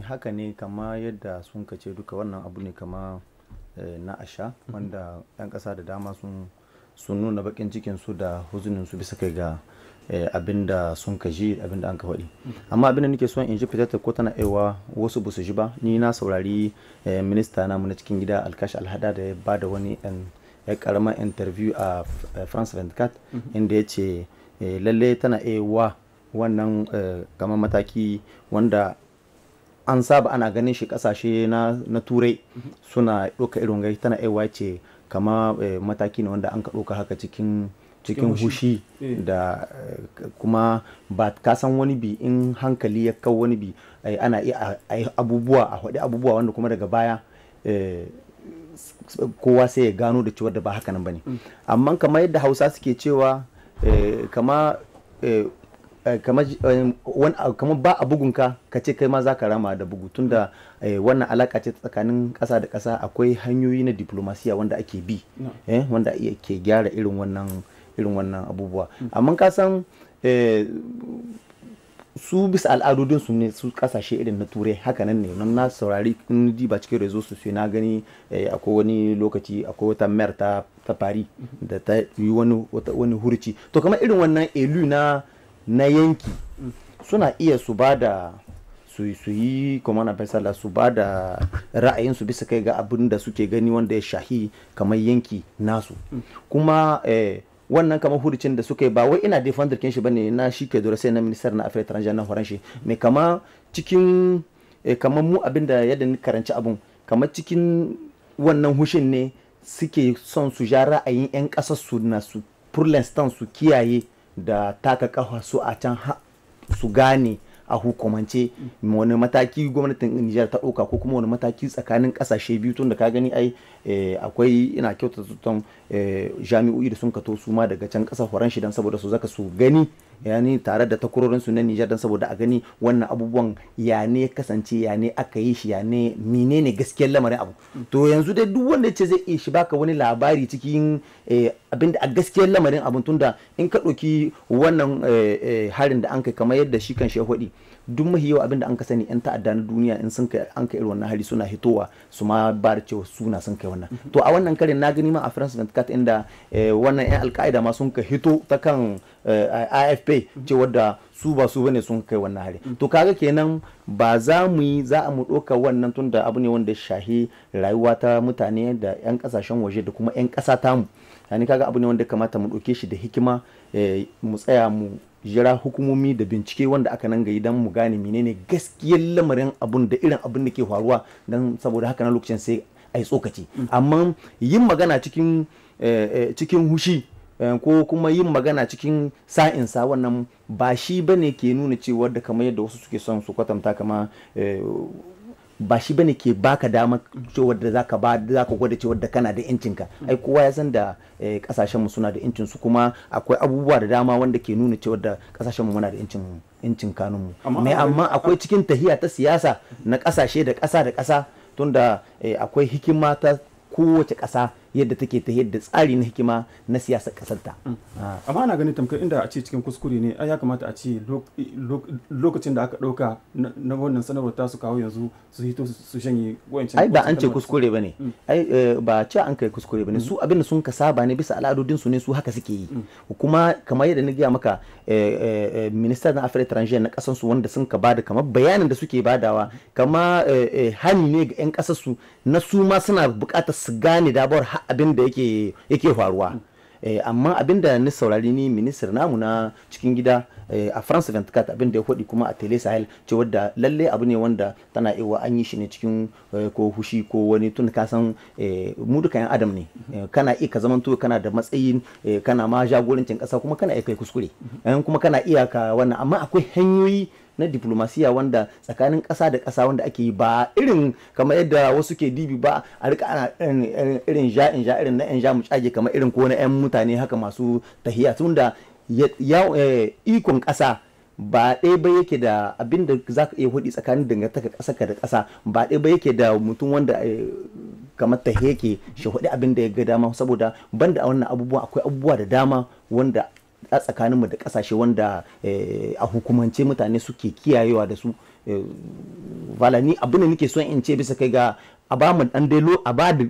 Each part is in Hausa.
haka ne kama yadda sun kace duka wannan abu ne kama eh, na asha mhm. wanda 'yan ƙasa da dama sun nuna bakin cikin su da huzunin su bisa kai ga eh, abin da sun ka abin da an ka faɗi mhm. amma abin da nake son in ji fitar ko tana aiwa wasu ba ji ba ni na saurari eh, minista na na cikin gida alkashi alhada da ya ba da wani ya karama interview a france 24 mhm. inda ya ce lalle tana aiwa wannan kamar mataki wanda an saba ana ganin shi kasashe na turai suna ɗauka irin gai tana aiwa ce kama eh, mataki ne wanda an ka ɗauka haka cikin cikin hushi eh. da eh, kuma ba ka san wani bi in hankali ya kau wani bi ana iya abubuwa a haɗe abubuwa wanda kuma daga baya kowa sai ya gano da cewar da ba haka nan ba ne mm. amma kamar yadda hausa suke cewa kama Eh, eh, eh, kamar ba a bugunka ka ce kai ma za ka rama da bugu tunda wannan alaka ce tsakanin ƙasa da ƙasa akwai hanyoyi na diplomasiya wanda ake bi wanda ke gyara irin wannan irin wannan abubuwa mm. amma ka san su bisa al'adodin su ne su kasashe irin na turai haka nan ne nan na saurari in ba cikin rezo su na gani akwai wani lokaci akwai wata mayar ta fari mm-hmm. da ta yi wani hurci to kamar irin wannan elu na na yanki suna iya su ba da su yi na fesala su ba da ra'ayinsu bisa kai ga abin da suke gani wanda ya shahi kamar yanki nasu kuma eh, wannan kamar hudicin da suka yi ba wai ina defender kin ba ne na shi ke dora sai na minister na afirka transgender na horon shi mai kama cikin eh, kamar mu abin da yadda ni karanci abun kamar cikin wannan hushin ne suke son su ja ra'ayin 'yan ƙasar su na su pour su kiyaye da taka kafa su a can su gane a hukumance wani mataki gwamnatin Nijar ta ɗauka ko kuma wani mataki tsakanin kasashe biyu tun da ka gani ai eh, akwai ina kyauta eh, jami'o'i da sun kato su ma daga can ƙasa horon shi saboda su zaka su gani yani tare da su na Nijar don saboda a gani wannan abubuwan ya ne kasance ya ne aka yi shi ya ne mine ne gaskiyar lamarin abu to yanzu dai duk wanda ce zai iya shi baka wani labari cikin eh, abinda a gaskiyar lamarin abun tunda in ka ɗauki wannan eh, eh, harin da an kai kamar yadda shi kan shi ya duk mahi yau abinda an ka sani yan ta'adda na duniya in sun kai an kai irin wannan hali suna hitowa su ma ba cewa suna sun kai wannan mhm. to a wannan karin na gani ma a France 24 inda eh, wannan yan alka'ida ma sun ka hito ta kan eh, AFP mhm. cewa da su ba su bane sun kai wannan hari mhm. to kaga kenan ba za mu yi za a mu ɗauka wannan tun da abu ne wanda shahi rayuwa ta mutane da yan kasashen waje da kuma yan ƙasa tamu yani kaga abu ne wanda kamata mu ɗauke shi da hikima eh, mu tsaya mu jira hukumomi da bincike wanda aka nan gayi don mu gane menene gaskiyar lamarin abun da irin abun da ke faruwa don saboda haka na lokacin sai a yi tsokaci mm. amma yin magana cikin eh, eh, cikin hushi ko kuma yin magana cikin sa'insa wannan ba shi bane ke nuna cewa da kamar yadda wasu suke son su kwatanta kama ba shi bane ke baka dama cewa da zaka ba gwada cewa da kana da incinka ai kowa ya san da eh, kasashen mu suna da incin su kuma akwai abubuwa da dama wanda ke nuna cewa da kasashen mu muna da incin yancin mu mai amma akwai cikin tahiya ta siyasa na kasashe da kasa da kasa tunda eh, akwai hikima ta kowace kasa yadda take ta yadda tsari na hikima na siyasar kasarta. Mm. amma ana ganin tamkar inda a ce cikin kuskure ne ya kamata a ce lokacin da aka ɗauka na wannan sanarwar su kawo yanzu su hito su shanye wancan ai ba an ce kuskure ba ne mm. eh, ba ce an kai kuskure ba ne mm. su abin da sun ka saba ne bisa al'adodin su ne su haka suke yi kuma kamar yadda na gaya maka eh, eh, ministan na afirka transgender na kasan su wanda sun ka bada kamar bayanin da suke badawa kama hani ne ga 'yan kasar su na su ma suna bukatar su gane dabar abin da yake faruwa eh, amma abin da ni saurari ni ministar namu na cikin gida eh, a france 24 abin da ya faɗi kuma a tele sahel ce wadda lalle abu ne wanda tana iwa an yi shi ne cikin eh, ko hushi ko wani tun ka san mu adam ne kana iya ka zamanto kana da matsayin kana ma jagorancin ƙasa kuma kana iya kai kuskure kuma kana iya ka wannan amma akwai hanyoyi na diplomasiya wanda tsakanin ƙasa da ƙasa wanda ake yi ba irin kamar yadda wasu ke dibi ba a rika ana irin ja in irin na yan ja mu cage kamar irin ko na yan mutane haka masu tahiya tunda eh, ikon ƙasa ba ɗaya ba yake da abin da za ka iya hudi tsakanin dangantaka ƙasa ka da ƙasa ba ɗaya ba yake da mutum wanda eh, kamar ta heke shi hudi abin da ya ga dama saboda banda a wannan abubuwa akwai abubuwa da dama wanda tsakaninmu da kasashe wanda eh, a hukumance mutane suke kiyayewa da su valani eh, ni abin da nake son in ce bisa kai ga a ba mu dan dai a ba da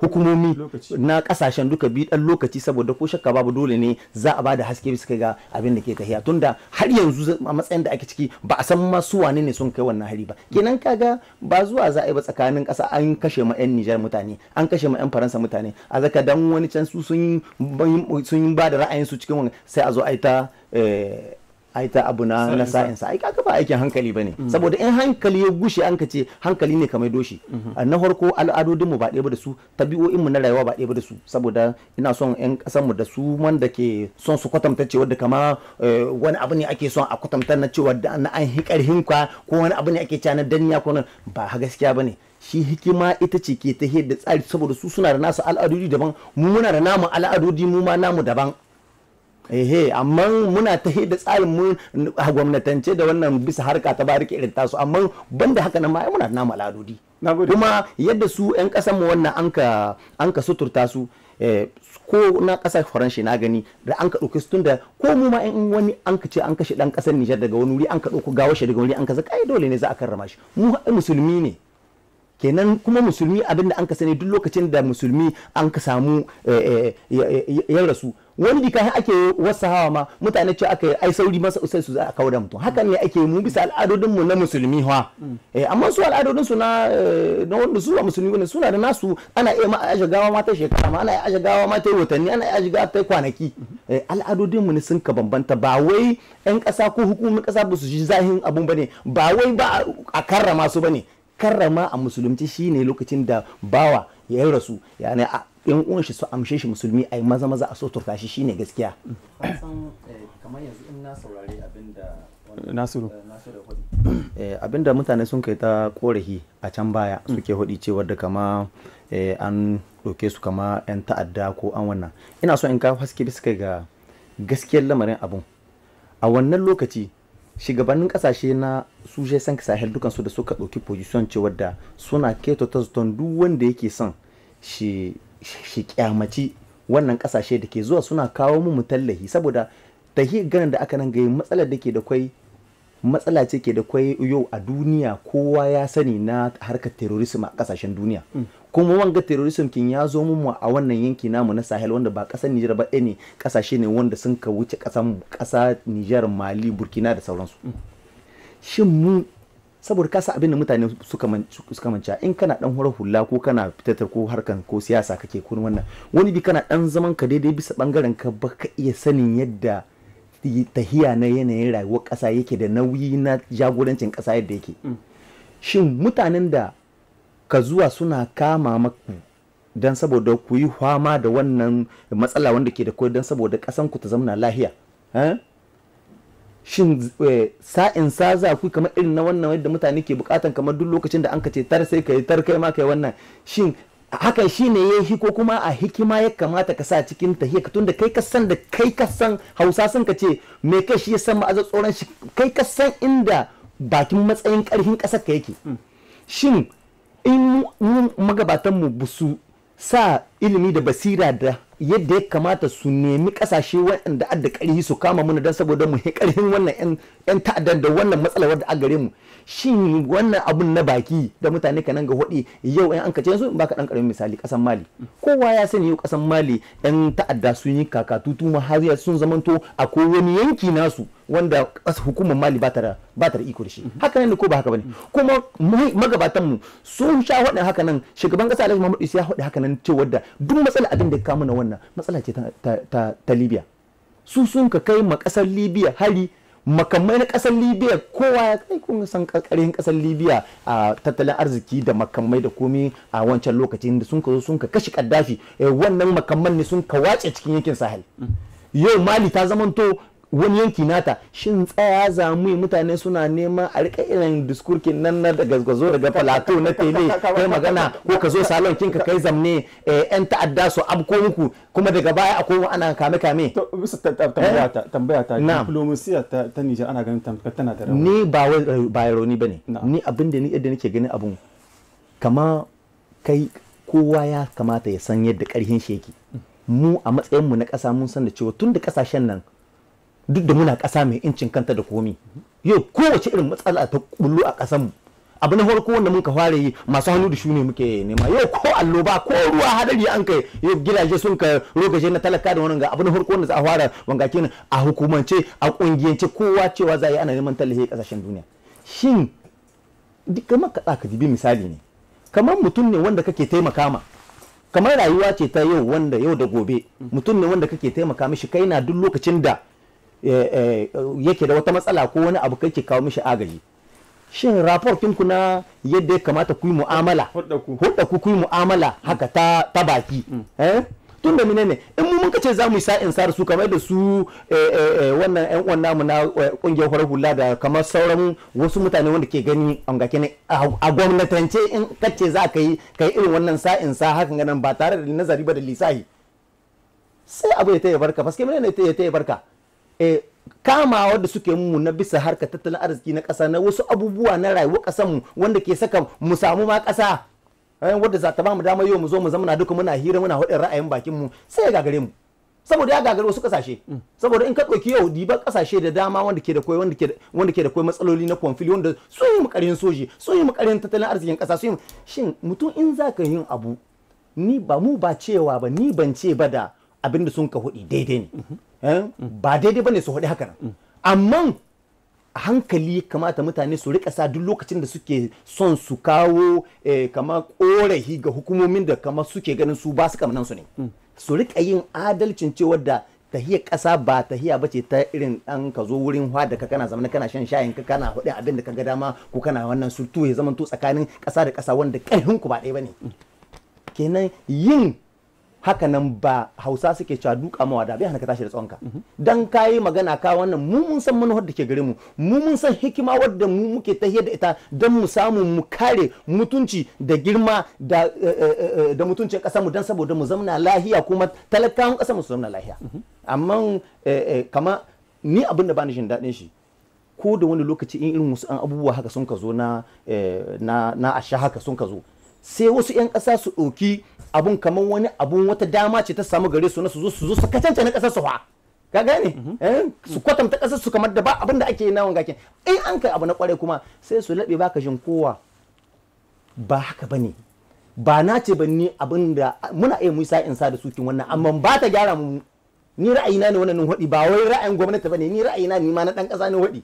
hukumomi na kasashen duka biyu dan lokaci saboda ko shakka babu dole ne za a ba da haske bisa kai ga abin da ke tun tunda har yanzu a matsayin da ake ciki ba a san ma su wane ne sun kai wannan hari ba kenan kaga ba zuwa za a yi ba tsakanin kasa an kashe ma yan Nijar mutane an kashe ma yan Faransa mutane a zaka dan wani can su sun sun ba da ra'ayin su cikin sai a zo a yi ta eh, Aita abu na na sa'insa ai kaga ba aikin hankali bane mm-hmm. saboda in hankali ya gushe an kace hankali ne kamar doshi mm-hmm. ah, na farko al'adodinmu ba ɗaya ba da su tabi'o'in mu na rayuwa ba ɗaya ba da su saboda ina son ƴan ƙasar mu da su wanda ke son su kwatanta cewa da kamar eh, wani abu ne ake son a kwatanta na cewa da na an hikar karhin ko wani abu ne ake cewa na danniya ko ba gaskiya bane shi hikima ita ce ke ta da tsari saboda su suna da nasu al'adodi daban mu muna da namu al'adodi mu ma namu daban ehe amma muna ta da tsarin mu a gwamnatance da wannan bisa harka ta barike irin tasu amma banda haka nan ma muna na al'adodi kuma yadda su 'yan kasan mu wannan an ka suturta su eh, ko na kasar faranshi na gani da an ka ɗauki tunda ko mu ma in wani an ka ce an kashe dan kasar nijar daga wani wuri an ka ɗauko gawar shi daga wani an ka zaka ai dole ne za a karrama shi mu musulmi ne kenan kuma musulmi abinda an ka sani duk lokacin da musulmi an ka samu eh, eh, yan rasu wani dika ake wasu hawa ma mutane ce aka ai sauri masa usai su za a kawo da mutum hakan ne ake mu bisa al'adodin mu na musulmi ha mm. eh, amma su al'adodin su na na wanda su musulmi ne suna da nasu ana iya ma aje gawa ma ta shekara ma ana iya aje gawa ma ta watanni ana iya aje gawa ta kwanaki mm-hmm. al'adodin mu ne sun ka bambanta ba wai yan kasa ko hukumar kasa ba su ji zahin abun bane ba wai ba a karrama su bane karrama a musulunci shine lokacin da bawa ya yi rasu yana a yan uwan shi su amshe shi musulmi yi maza maza a soturta shi shine gaskiya eh, abinda nasiru eh, eh, abinda mutane sun kai ta korafi a can baya mm. suke hudi cewar da kama an ɗauke su kama 'yan ta'adda ko an wannan ina so in ka haske bisa ga gaskiyar lamarin abun a wannan lokaci shugabannin kasashe na su je san sahel dukansu da suka dauki position cewar da suna keto ta zuton duk wanda yake son shi kyamaci wannan kasashe da ke zuwa suna kawo mu tallahi saboda ta hi ganin da aka nan ga matsalar da ke da kwai matsala ce ke da kwai yau a duniya kowa ya sani na harkar terorism a kasashen duniya mm. kuma wanga terrorism kin ya zo mu a wannan yanki namu na Sahel wanda ba kasar Nijar ba eh ne kasashe ne wanda sun ka wuce kasar kasa Nijar Mali Burkina da sauransu shin mu saboda kasa abin da mutane suka manca in kana dan hura hula ko kana fitatar ko harkan ko siyasa kake kun wannan wani bi kana dan zaman ka daidai bisa bangaren ka baka iya sanin yadda tahiya na yanayin rayuwar kasa yake da nauyi na jagorancin kasa yadda yake mm. shin mutanen da ka zuwa suna kama maku don saboda ku yi fama da wannan matsala wanda ke da kawai don saboda ku ta zamana lahiya shin eh, sa'in sa za ku kamar irin na wannan yadda mutane ke bukatan kamar duk lokacin da an ka ce tar sai yi tar kai ma yi wannan shin haka shi ne ya yi ko kuma a hikima ya kamata ka sa cikin tahiya ka tunda kai kasan da kai kasan hausa sun ka ce me kai shi ya san ma'azar tsoron shi kai kasan inda bakin matsayin karfin ƙasar ka yake mm. shin in mun magabatan mu busu sa ilimi da basira da yadda ya kamata su nemi kasashe waɗanda adda ƙarfi su kama muna don saboda mu he ƙarfin wannan 'yan ta'addar da wannan matsala wadda a gare mu shi wannan abun na baki da mutane kanan ga hudi yau 'yan an kace su baka ɗan ƙaramin misali ƙasan mali kowa ya sani yau ƙasan mali 'yan ta'adda sun yi kakatutu ma sun zamanto akwai wani yanki nasu wanda hukumar mali ba ta da iko da shi haka nan ko ba haka bane kuma magabatan mu sun sha wadan haka nan shugaban kasa Alhaji Muhammadu Isa ya haka nan cewa da duk matsala abin da ya kawo wannan matsala ce ta Libya su sun ka kai ma kasar Libya hari makamai na kasar libya kowa ya kai kun san karkarin kasar libya a tattalin arziki da makamai da komi a wancan lokacin da sun ka zo sun ka kashe kaddafi eh, wannan makaman ne sun ka wace cikin yankin sahel mm. yau mali ta zamanto wani yanki nata shin tsaya za mu mutane suna neman a rika irin diskurkin nan na daga gazgazo daga falato na tele kai magana ko ka zo salon kin ka kai zamne eh, yan ta'adda su abko muku kuma daga baya akwai ana kame kame to bisa tambaya eh? ta tambaya ta diplomasiya ta Niger ana ganin tamkar tana da rauni ni ba wai eh, ba rauni bane ni abin da ni yadda nake ganin abun kama kai kowa ya kamata ya san yadda karhin shi yake mu a matsayin mu na kasa mun san da cewa tun da kasashen nan duk da muna ƙasa mai incin kanta da komi yau kowace irin matsala ta kullu a ƙasan mu abu na farko wanda muka fara yi masu hannu da shu ne muke nema yau ko allo ko ruwa hadari an kai yau gidaje sun ka rogaje na talaka da wannan ga abu na farko wanda za a fara wangakin a hukumance a kungiyance kowa cewa za a yi ana neman tallafi kasashen duniya shin kamar ka tsaka dibi misali ne kamar mutum ne wanda kake taimaka ma kamar rayuwa ce ta yau wanda yau da gobe mutum ne wanda kake taimaka mishi kai na duk lokacin da Eh, eh, yake da wata matsala ko wani abu kai ke kawo mishi agaji shin raportin ku na yadda ya kamata ku yi mu'amala hudda ku ku yi mu'amala haka ta ta baki mm. eh? tun da menene in mu mun kace za mu sa in su kamar da su wannan yan uwan namu na kungiyar farar hula da kamar sauran wasu mutane wanda ke gani a gwamnatance in kace za ka yi kai irin wannan sa'in sa hakan ganin ba tare da nazari ba da lisahi sai abu ya ta yi barka paske menene ya ta yi barka Eh, kamawa da suke mu na bisa harka tattalin arziki na ƙasa na wasu abubuwa na rayuwar mu wanda ke saka mu samu ma ƙasa eh, wadda za ta ba mu dama yau mu zo mu zamana duka muna hira muna haɗin ra'ayin bakin mu sai ya gagare mu saboda ya gagare wasu ƙasashe mm. saboda in ka ɗauki yau diba ƙasashe da dama wanda ke da koi wanda ke da koi matsaloli na konfili wanda sun yi mu mukarin soji sun yi mu mukarin tattalin arzikin ƙasa sun yi shin mutum in za ka yin abu ni ba mu ba cewa ba ni ban ce ba da abinda sun ka hudi daidai ne eh? ba daidai bane su hudi haka nan amma a hankali kamata mutane su rika sa duk lokacin da suke son su kawo eh, kama korahi ga hukumomin da kama suke ganin su ba su kamanan su ne su rika yin adalcin cewa da tahiyar ƙasa ba tahiya ba ce ta irin ɗan ka zo wurin hwa da ka kana zama kana shan shayin ka kana hudu abin da ka ga dama ko kana wannan surtu ya zama tsakanin ƙasa da ƙasa wanda ƙarfin ku ba ɗaya ba ne kenan yin haka nan ba hausa suke cewa duka mawa da bai hana ka tashi da tsonka dan kayi magana ka wannan mu mun san manuwar da ke gare mu mu mun san hikima wadda mu muke tahiyar da ita dan mu samu mu kare mutunci da girma da eh, eh, eh, da mutuncin kasar mu dan saboda mu zamna lahiya kuma talakawan kasar mu su zamna lahiya amma kama ni abin da bani jin daɗin shi ko da wani lokaci in irin wasu an abubuwa haka sun ka zo na na a haka sun ka zo sai wasu 'yan ƙasa su ɗauki abun kamar wani abun wata dama ce ta samu gare su na su zo su zo su kacanta na ƙasar su fa ka gane eh? su kwatanta ƙasar su kamar da ba abin da ake yi nawan gakin in an kai abu na kwarai kuma sai su laɓe baka jin kowa ba haka ba ne ba na ce ba ni abin da muna iya musa in sa da sukin wannan amma ba ta gyara mu ni ra'ayina ne wannan hudi ba wai ra'ayin gwamnati ba ne ni ra'ayina ne, ma na ɗan ƙasa ne hudi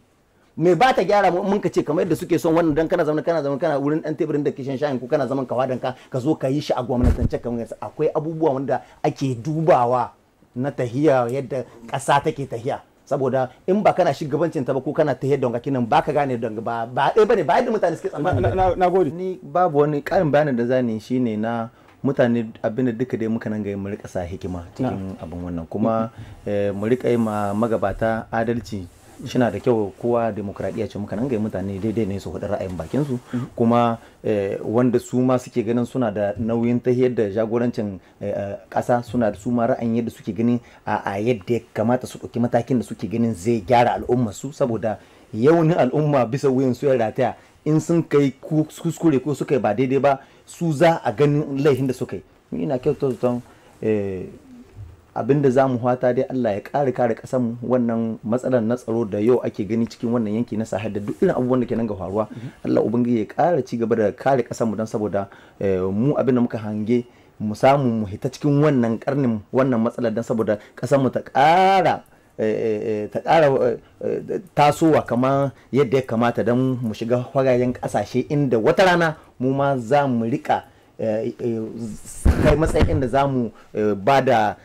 me ba ta gyara mu mun ka ce kamar yadda suke son wannan dan kana zaman kana zaman kana wurin dan teburin da kishin shayin ko kana zaman kawadan ka ka zo ka yi shi a gwamnatance kamar yadda akwai abubuwa wanda ake dubawa na tahiya yadda ƙasa take tahiya saboda in ba kana shugabancin ta ba ko kana tahiyar da wankakin ba ka gane don ba ba ɗaya bane ba yadda mutane suke tsammani na gode ni babu wani ƙarin bayanin da zan yi shine na mutane abinda duka dai muka nan ga mu rika sa hikima cikin abin wannan kuma eh, mu rika yi ma magabata adalci shina da kyau kowa demokradiyya ce muka ga mutane daidai ne su hudu ra'ayin bakin su mhm. kuma eh, wanda su ma suke ganin suna da nauyin ta yadda jagorancin kasa eh, eh, suna da su ma ra'ayin yadda suke ganin a yadda ya kamata su ɗauki matakin da suke ganin zai gyara al'umma su saboda ne al'umma bisa wuyan su ya rataya in sun kai kuskure ko suka ba daidai ba su za a ganin laifin da suka yi ina kyautar zaton da za mu hwata dai Allah ya ƙara kare mu wannan matsalar na tsaro da yau ake gani cikin wannan yanki na sahel da duk irin abubuwan da ke nan ga faruwa mhm. Allah ubangiji ya ƙara ci gaba da kare mu don saboda eh, mu abin da muka hange mu samu mu hita cikin wannan karnin wannan matsalar don saboda mu ta ƙara eh, eh, ta ƙara tasowa kamar yadda ya kamata don mu shiga hwarayen ƙasashe inda wata rana mu ma za mu riƙa Eh, eh, kai matsayin da zamu eh, ba da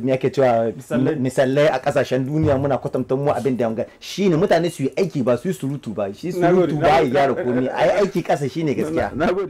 miyake cewa misalai a kasashen duniya muna kwatanta mu abin da ga ne mutane su yi aiki ba su yi surutu ba shi surutu ba ya gyara a yi aiki kasa ne gaskiya